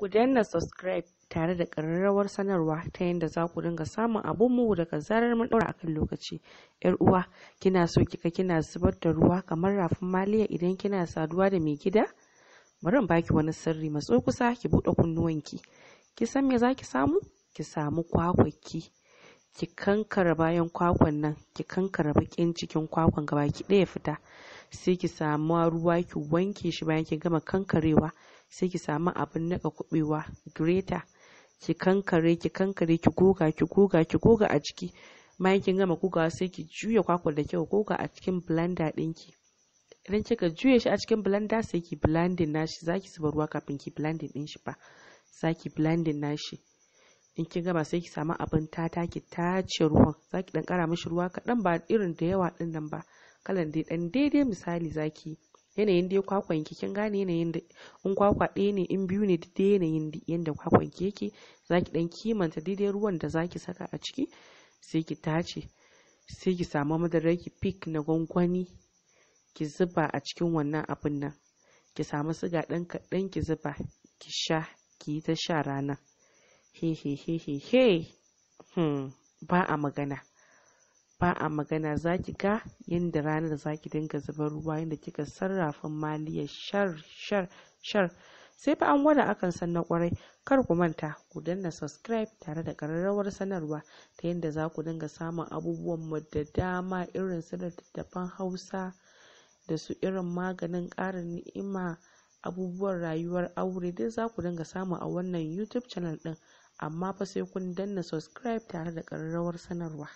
Ku danna subscribe tare da ƙararrawar sanarwa ta yadda za ku dinga samun abunmu daga zarar mun ɗora akan lokaci. ‘Yar uwa, kina so kika kina zubar da ruwa kamar rafin maliya idan kina saduwa da mai gida? Bari in baki wani sirri matso kusa ki buɗe kunnuwanki. Ki san me za ki samu? Ki samu kwakwaki. Ki kankara bayan kwakwan nan, ki kankara bakin cikin kwakwan gaba ki ɗaya fita. Sai ki samu ruwa ki wanke shi bayan ki gama kankarewa. sai ki samu abin nika kubewa grater ki kankare ki kankare ki goga ki goga ki goga a ciki. bayan kin gama gogawa sai ki juya kwakwar da kyau goga a cikin blender ɗinki idan kika juya shi a cikin blender sai ki blending nashi zaki zuba ruwa kafin ki blending ɗin shi fa zaki blending nashi in kin gama sai ki samu abin tata ki tace ruwan zaki dan kara mishi ruwa kaɗan ba irin da yawa ɗin nan ba kalan dai dan daidai misali zaki yanayin dai kwakwan ki kin gane yanayin da in kwakwa ɗaya ne in biyu ne dai yanayin yanda kwakwan ki yake zaki dan kimanta daidai ruwan da zaki saka a ciki sai ki tace sai ki samu madarar ki pick na gwangwani ki zuba a cikin wannan abin nan ki samu siga ɗan kaɗan ki zuba ki sha ki yi ta sha rana he he he he he hmm ba a magana ba a magana za ki ga yadda ranar za ki dinga zubar ruwa yadda kika sarrafa maliya shar shar shar sai fa an gwada akan san na kwarai kar ku manta ku danna subscribe tare da ƙararrawar sanarwa ta yadda za ku dinga samun abubuwan mu da dama irin su littattafan hausa da su irin maganin ƙarin ni'ima abubuwan rayuwar aure duk za ku dinga samu a wannan youtube channel ɗin amma fa sai kun danna subscribe tare da ƙararrawar sanarwa